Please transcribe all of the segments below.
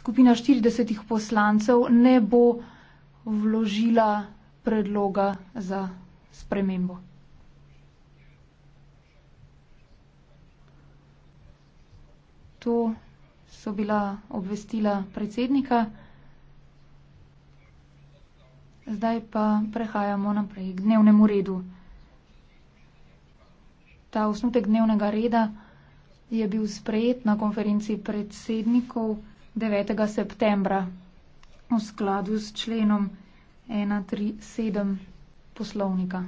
skupina 40 poslancev ne bo vložila predloga za spremembo. To so bila obvestila predsednika. Zdaj pa prehajamo naprej k dnevnemu redu. Ta osnutek dnevnega reda je bil sprejet na konferenci predsednikov. 9. septembra v skladu s členom 137 poslovnika.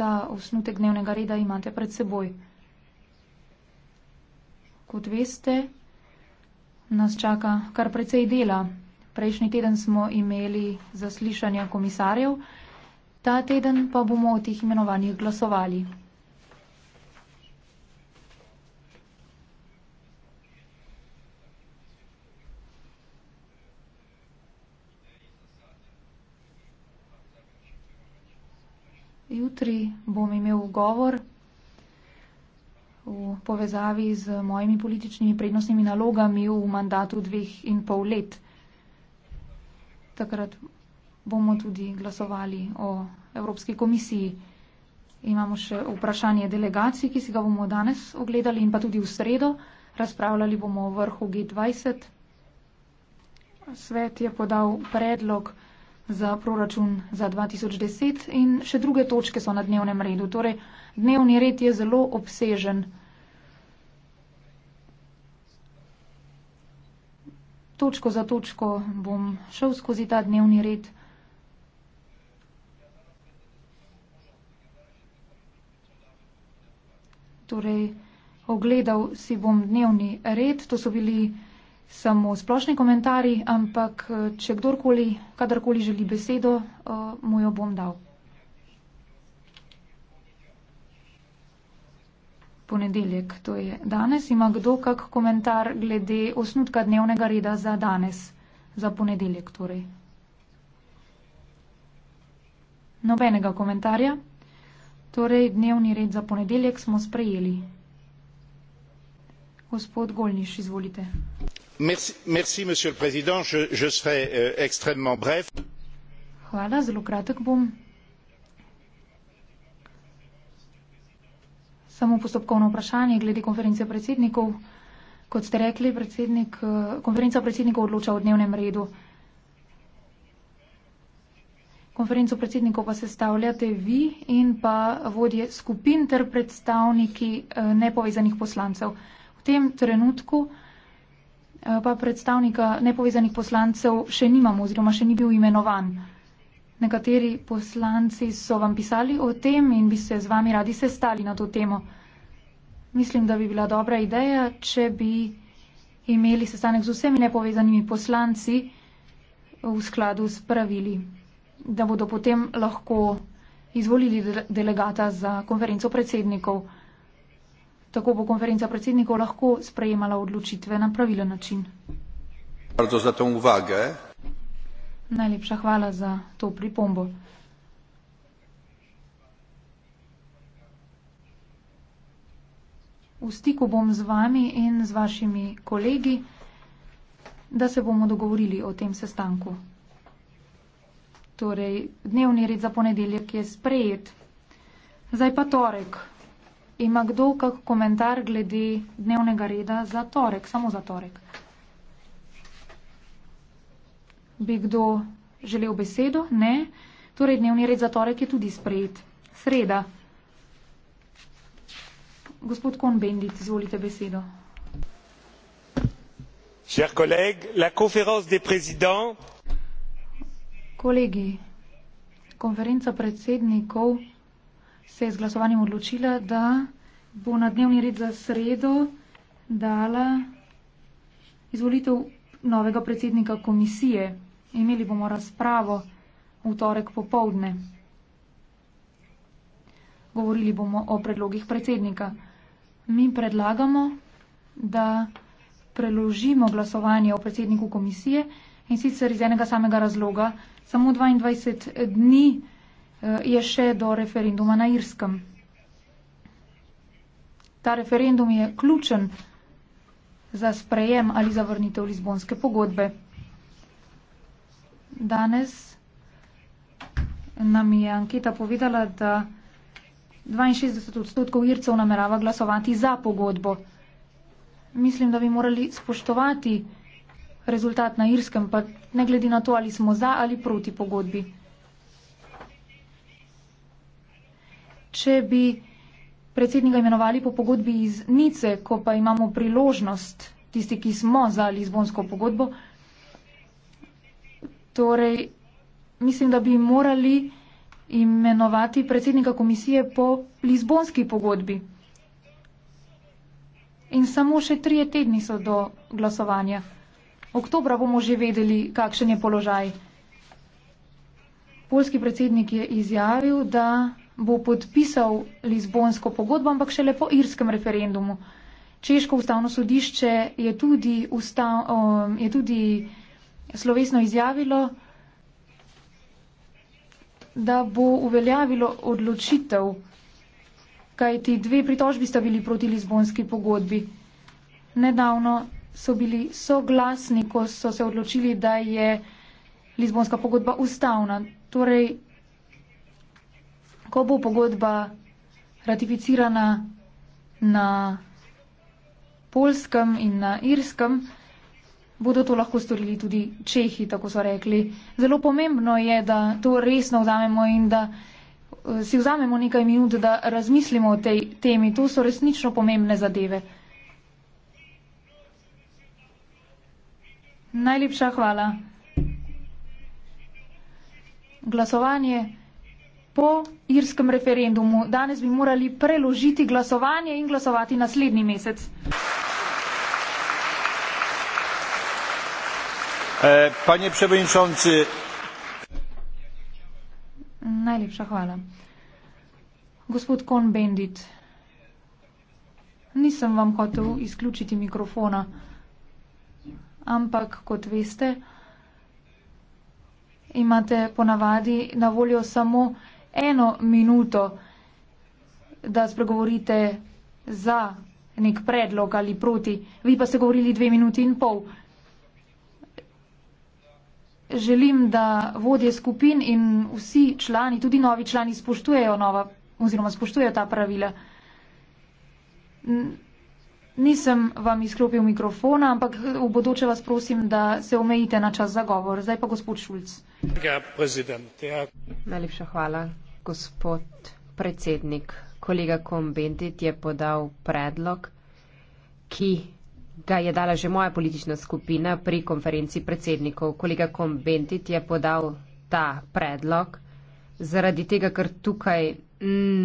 Ta osnutek dnevnega reda imate pred seboj. Kot veste, nas čaka kar precej dela. Prejšnji teden smo imeli zaslišanja komisarjev, ta teden pa bomo o teh imenovanjih glasovali. jutri bom imel govor v povezavi z mojimi političnimi prednostnimi nalogami v mandatu dveh in pol let. Takrat bomo tudi glasovali o Evropski komisiji. Imamo še vprašanje delegacij, ki si ga bomo danes ogledali in pa tudi v sredo. Razpravljali bomo o vrhu G20. Svet je podal predlog za proračun za 2010 in še druge točke so na dnevnem redu. Torej, dnevni red je zelo obsežen. Točko za točko bom šel skozi ta dnevni red. Torej, ogledal si bom dnevni red, to so bili samo splošni komentarji, ampak eh, če kdorkoli, kadarkoli želi besedo, eh, mu jo bom dal. Ponedeljek, to je danes. Ima kdo kak komentar glede osnutka dnevnega reda za danes, za ponedeljek torej? Nobenega komentarja. Torej, dnevni red za ponedeljek smo sprejeli monsieur le président je serai euh, extrêmement bref samo postopkovno vprašanje glede konference predsednikov kot ste rekli predsednik eh, konferenca predsednikov odloča o dnevnem redu konferenco predsednikov pa sestavljate vi in pa vodje skupin ter predstavniki eh, nepovezanih poslancev tem trenutku eh, pa predstavnika nepovezanih poslancev še nimamo oziroma še ni bil imenovan. Nekateri poslanci so vam pisali o tem in bi se z vami radi sestali na to temo. Mislim, da bi bila dobra ideja, če bi imeli sestanek z vsemi nepovezanimi poslanci v skladu s pravili, da bodo potem lahko izvolili delegata za konferenco predsednikov. Tako bo konferenca predsednikov lahko sprejemala odločitve na pravilen način. Najlepša hvala za to pripombo. V stiku bom z vami in z vašimi kolegi, da se bomo dogovorili o tem sestanku. Torej, dnevni red za ponedeljek je sprejet. Zdaj pa torek. Ima kdo kak komentar glede dnevnega reda za torek, samo za torek? Bi kdo želel besedo? Ne. Torej, dnevni red za torek je tudi sprejet. Sreda. Gospod Kon Bendit, izvolite besedo. Cher kolegi, la conférence des présidents. Kolegi, konferenca predsednikov se je z glasovanjem odločila, da bo na dnevni red za sredo dala izvolitev novega predsednika komisije. Imeli bomo razpravo v torek popovdne. Govorili bomo o predlogih predsednika. Mi predlagamo, da preložimo glasovanje o predsedniku komisije in sicer iz enega samega razloga. Samo 22 dni. Eh, je še do referenduma na Irskem. Ta referendum je ključen za sprejem ali zavrnitev Lizbonske pogodbe. Danes nam je anketa povedala, da 62 odstotkov Ircev namerava glasovati za pogodbo. Mislim, da bi morali spoštovati rezultat na Irskem, pa ne glede na to, ali smo za ali proti pogodbi. če bi predsednika imenovali po pogodbi iz Nice, ko pa imamo priložnost, tisti, ki smo za Lizbonsko pogodbo. Torej, mislim, da bi morali imenovati predsednika komisije po Lizbonski pogodbi. In samo še trije tedni so do glasovanja. Oktobra bomo že vedeli, kakšen je položaj. Polski predsednik je izjavil, da bo podpisal Lizbonsko pogodbo, ampak šele po irskem referendumu. Češko ustavno sodišče je tudi, ustav, um, je tudi slovesno izjavilo, da bo uveljavilo odločitev, kajti dve pritožbi sta bili proti Lizbonski pogodbi. Nedavno so bili soglasni, ko so se odločili, da je Lizbonska pogodba ustavna. Torej, ko bo pogodba ratificirana na polskem in na irskem, bodo to lahko storili tudi čehi, tako so rekli. Zelo pomembno je, da to resno vzamemo in da eh, si vzamemo nekaj minut, da razmislimo o tej temi. To so resnično pomembne zadeve. Najlepša hvala. Glasovanje po irskem referendumu. Danes bi morali preložiti glasovanje in glasovati naslednji mesec. E, panie przewodniczący. Najlepsza chwała. Gospod Kon Bendit. Nisem vam hotel izključiti mikrofona, ampak kot veste, imate ponavadi na voljo samo eno minuto, da spregovorite za nek predlog ali proti. Vi pa ste govorili dve minuti in pol. Želim, da vodje skupin in vsi člani, tudi novi člani, spoštujejo nova oziroma spoštujejo ta pravila. Nisem vam izklopil mikrofona, ampak v bodoče vas prosim, da se omejite na čas za govor. Zdaj pa gospod Šulc. Ja. Najlepša hvala, gospod predsednik, kolega Kombendit je podal predlog, ki ga je dala že moja politična skupina pri konferenci predsednikov. Kolega Kombendit je podal ta predlog zaradi tega, ker tukaj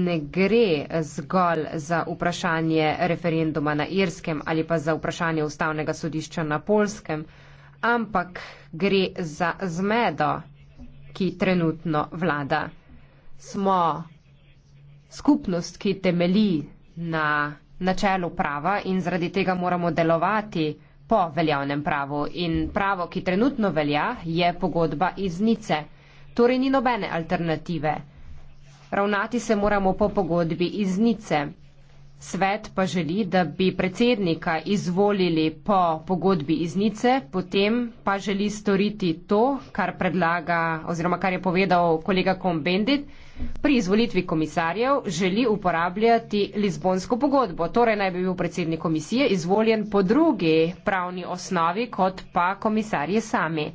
ne gre zgolj za vprašanje referenduma na Irskem ali pa za vprašanje ustavnega sodišča na Polskem, ampak gre za zmedo, ki trenutno vlada smo skupnost, ki temeli na načelu prava in zaradi tega moramo delovati po veljavnem pravu. In pravo, ki trenutno velja, je pogodba iz Nice. Torej ni nobene alternative. Ravnati se moramo po pogodbi iz Nice. Svet pa želi, da bi predsednika izvolili po pogodbi iz Nice, potem pa želi storiti to, kar predlaga oziroma kar je povedal kolega Kombendit, pri izvolitvi komisarjev želi uporabljati Lizbonsko pogodbo. Torej naj bi bil predsednik komisije izvoljen po drugi pravni osnovi kot pa komisarji sami.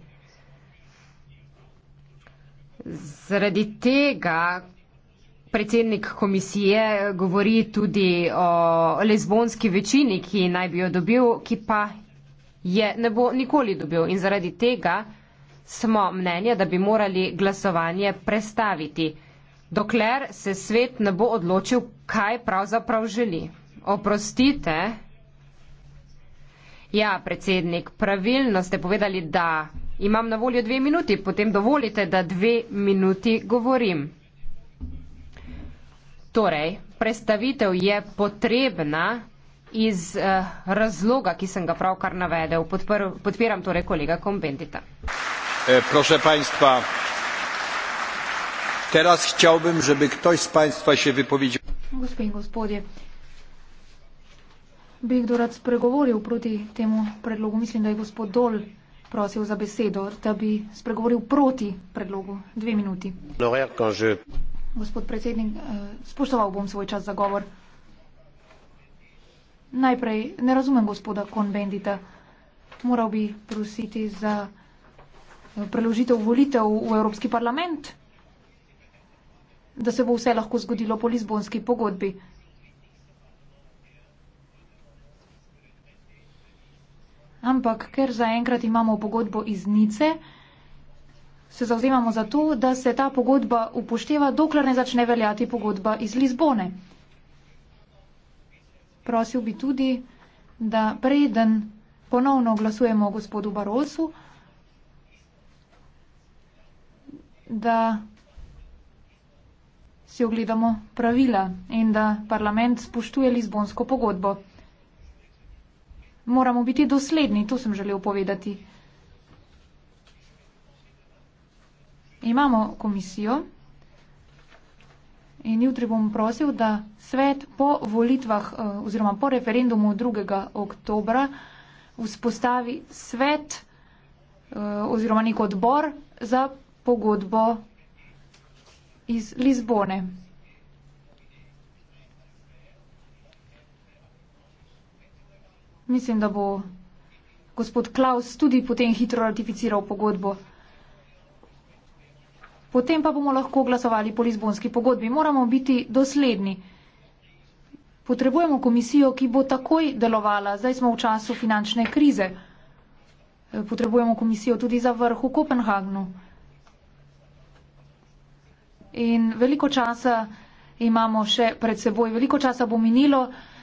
Zaradi tega, Predsednik komisije govori tudi o lezbonski večini, ki naj bi jo dobil, ki pa je ne bo nikoli dobil. In zaradi tega smo mnenja, da bi morali glasovanje prestaviti, dokler se svet ne bo odločil, kaj pravzaprav želi. Oprostite. Ja, predsednik, pravilno ste povedali, da imam na voljo dve minuti, potem dovolite, da dve minuti govorim. Torej, predstavitev je potrebna iz eh, razloga, ki sem ga pravkar navedel. Podpr, podpiram torej kolega Kombendita. E, proszę państwa, teraz chciałbym, żeby ktoś z państwa się wypowiedział. Gospodin, gospodje, bih dorad spregovoril proti temu predlogu. Mislim, da je gospod Dol prosil za besedo, da bi spregovoril proti predlogu. Dve minuti. No, ja, Gospod predsednik, eh, spoštoval bom svoj čas za govor. Najprej ne razumem gospoda Konbendita. Moral bi prositi za eh, preložitev volitev v Evropski parlament, da se bo vse lahko zgodilo po Lizbonski pogodbi. Ampak ker zaenkrat imamo pogodbo iz Nice, se zauzemamo za to, da se ta pogodba upošteva, dokler ne začne veljati pogodba iz Lizbone. Prosil bi tudi, da preden ponovno glasujemo gospodu Barosu, da si ogledamo pravila in da parlament spoštuje Lizbonsko pogodbo. Moramo biti dosledni, to sem želel povedati. imamo komisijo in jutri bom prosil, da svet po volitvah eh, oziroma po referendumu 2. oktobra vzpostavi svet eh, oziroma nek odbor za pogodbo iz Lizbone. Mislim, da bo gospod Klaus tudi potem hitro ratificiral pogodbo. Potem pa bomo lahko glasovali po Lizbonski pogodbi. Moramo biti dosledni. Potrebujemo komisijo, ki bo takoj delovala. Zdaj smo v času finančne krize. Potrebujemo komisijo tudi za vrh v Kopenhagnu. In veliko časa imamo še pred seboj, veliko časa bo minilo,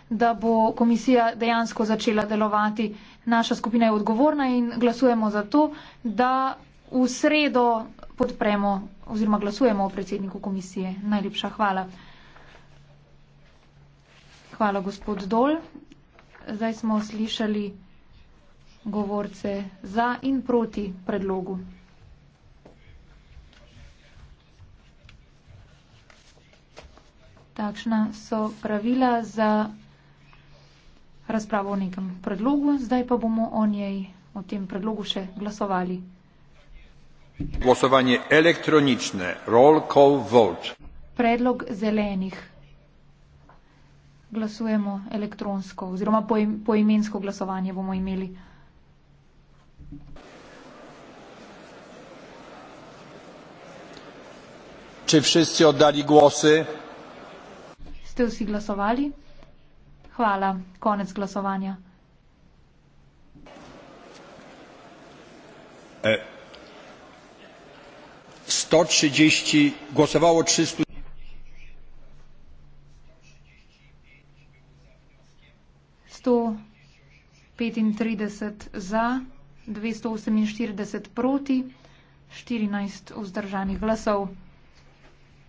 da bo komisija dejansko začela delovati. Naša skupina je odgovorna in glasujemo za to, da v sredo podpremo oziroma glasujemo o predsedniku komisije. Najlepša hvala. Hvala, gospod Dol. Zdaj smo slišali govorce za in proti predlogu. Takšna so pravila za razpravo o nekem predlogu. Zdaj pa bomo o njej, o tem predlogu še glasovali głosowanie elektroniczne predlog zelenih glasujemo elektronsko oziroma poimensko glasovanje bomo imeli Czy wszyscy oddali głosy? Ste wsi głosowali? Chwała. Koniec głosowania. E 130 głosowało 300. Sto petintrideset za, dvesto oseminštirideset proti, štirinajst vzdržanih glasov.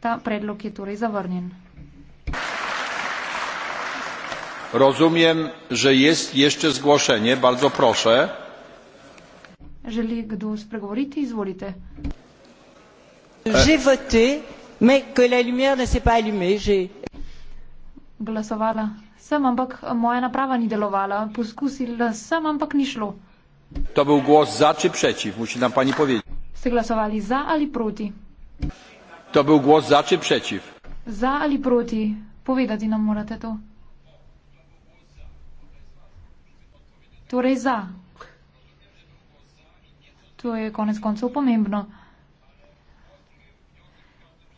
Ta predlog je torej zavrnjen. Razumem, da je še zglošenje, bardzo prošle. Želi kdo spregovoriti? Izvolite j'ai voté, mais que la lumière ne s'est pas allumée. J'ai. Glasovala sem, ampak eh, moja naprava ni delovala. Poskusila sem, ampak ni šlo. To je bil glas za ali proti, musi nam pani povedati. Ste glasovali za ali proti? To je bil glas za ali proti. Za ali proti, povedati nam morate to. Torej za. To je konec koncev pomembno.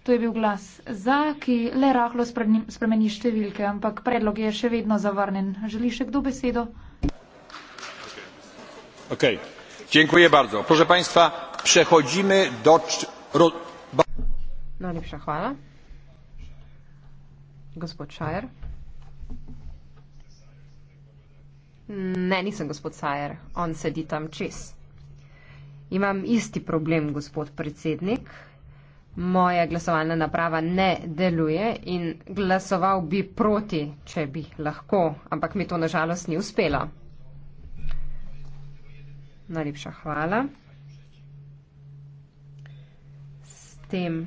To je bil glas za, ki le rahlo spremeni številke, ampak predlog je še vedno zavrnen. Želi še kdo besedo? Ok, dziękuję bardzo. Proszę Państwa, przechodzimy do... Najlepša hvala. Gospod Šajer. Ne, nisem gospod Sajer, on sedi tam čez. Imam isti problem, gospod predsednik moja glasovalna naprava ne deluje in glasoval bi proti, če bi lahko, ampak mi to nažalost ni uspelo. Najlepša hvala. S tem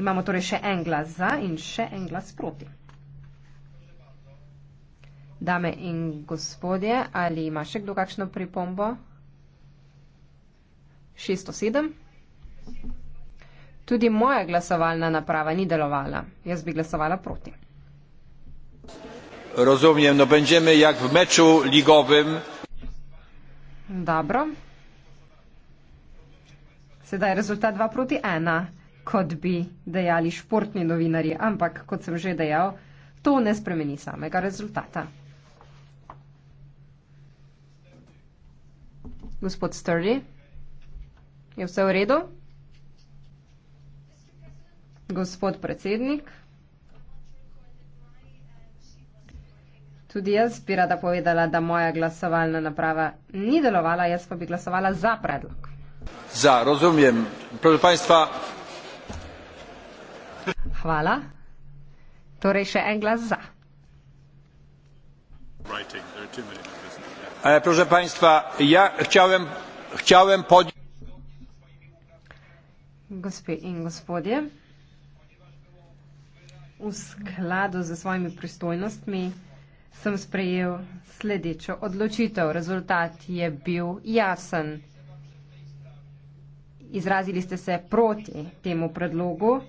imamo torej še en glas za in še en glas proti. Dame in gospodje, ali ima še kdo kakšno pripombo? 607. Tudi moja glasovalna naprava ni delovala. Jaz bi glasovala proti. Razumem, no, bomo jak v meču ligovem. Dobro. Sedaj je rezultat 2 proti 1, kot bi dejali športni novinari, ampak kot sem že dejal, to ne spremeni samega rezultata. Gospod Sturdy, je vse v redu? Gospod predsednik, tudi jaz bi rada povedala, da moja glasovalna naprava ni delovala, jaz pa bi glasovala za predlog. Za, razumem. Prvi panjstva. Hvala. Torej še en glas za. E, proszę Państwa, ja chciałem, chciałem podziękować. Gospodzie i gospodzie v skladu z svojimi pristojnostmi sem sprejel sledečo odločitev. Rezultat je bil jasen. Izrazili ste se proti temu predlogu.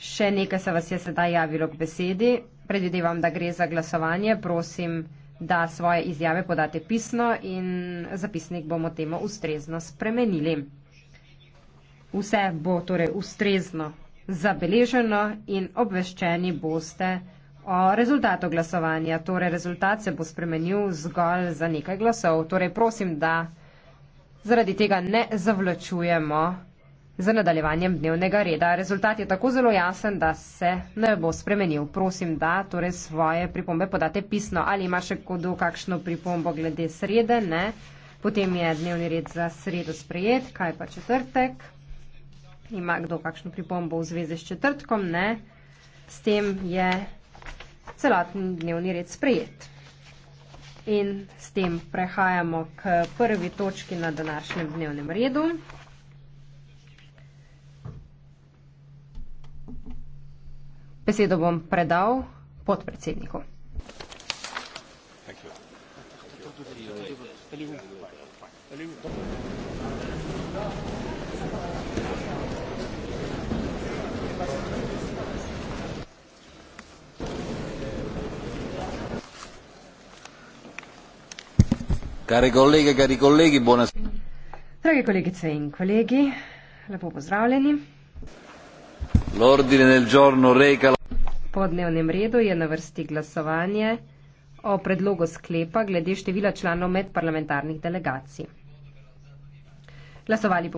Še nekaj se vas je sedaj javilo k besedi. Predvidevam, da gre za glasovanje. Prosim, da svoje izjave podate pisno in zapisnik bomo temu ustrezno spremenili. Vse bo torej ustrezno zabeleženo in obveščeni boste o rezultatu glasovanja. Torej, rezultat se bo spremenil zgolj za nekaj glasov. Torej, prosim, da zaradi tega ne zavlačujemo za nadaljevanjem dnevnega reda. Rezultat je tako zelo jasen, da se ne bo spremenil. Prosim, da torej svoje pripombe podate pisno. Ali ima še kdo kakšno pripombo glede srede? Ne. Potem je dnevni red za sredo sprejet. Kaj pa četrtek? ima kdo kakšno pripombo v zvezi s četrtkom, ne, s tem je celoten dnevni red sprejet. In s tem prehajamo k prvi točki na današnjem dnevnem redu. Besedo bom predal podpredsedniku. Thank you. Thank you. Kare kolege, kari kolegi, buonasera. Draghi kolegice in colleghi, lepo pozdravljeni. L'ordine del giorno reca. Po dnevnem redu je na vrsti glasovanje o predlogu sklepa glede števila članov medparlamentarnih delegacij. Glasovali bomo.